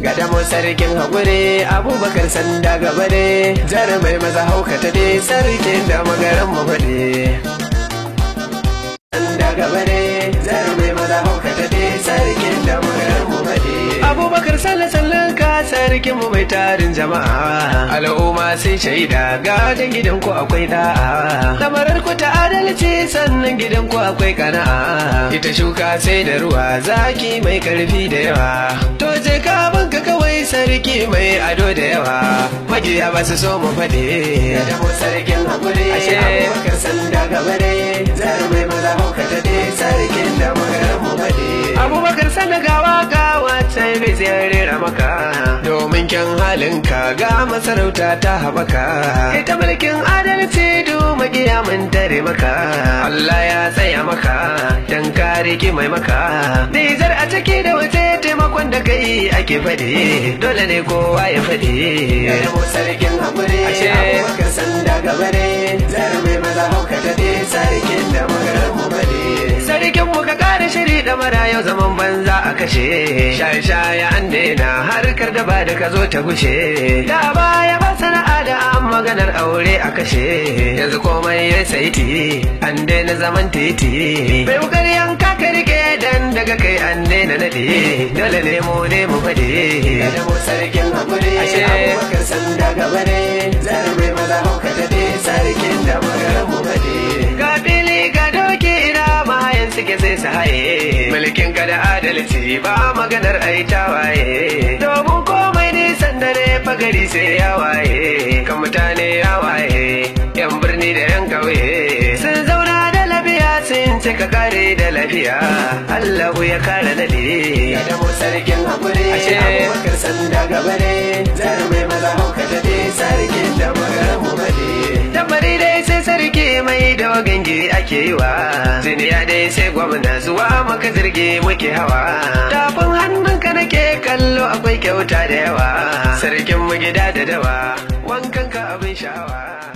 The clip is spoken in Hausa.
gada mu sarkin haƙuri abubakar sanda gaba ne jarumai maza haukata dai, sarkin da magaran mu bane sanda gaba ne jarumai maza haukata dai, sarkin da magaran mu bade abubakar sallan sallan ka sarkin mu mai tarin jama'a al'umma sai shaida gadon gidan ku akwai da'a kamarar ku ta adalci sannan gidan ku akwai ƙana'a. ita shuka sai da ruwa zaki mai karfi da yawa to je ka banka kawai sarki mai ado da yawa magiya ba su so mu faɗi da mu sarkin hakuri ashe abubakar sanda gaba da sana gawa gawa sai bai zai maka domin kyan ka ga masarauta ta habaka ita mulkin adalci duma mun tare maka Allah ya tsaya maka dan kare ki mai maka a ciki da waje taimakon da kai ake fadi dole ne kowa ya fadi ya sarki kashe shaye ande na harkar da ba da ka zo ta gushe da baya ba sana'a da an maganar aure a kashe yanzu komai ya saiti an daina zaman titi bai wukari yanka ka rike dan daga kai an daina nade dole ne mu ne mu fade da mu sarkin hakuri ashe abubakar sanda gaba ne zarabe maza rage sai su haye mulkin ka da adalci ba maganar ai tawaye domin komai nisan ne. fagari sai ya waye kan mutane ya waye yan birni da yan kauye sun zauna da lafiya sun cika kare da lafiya Allahu ya kare nade ya damo sarkin hakuri abubakar sanda gabare zarumai maza hauka da dai sarkin da magaramu bade dabari dai sai sarki mai da ake wa dai sai gwamna zuwa maka zirge muke hawa tafin ka nake kallo akwai kyauta da yawa sarkin mu gida da dawa wankan ka abin sha'awa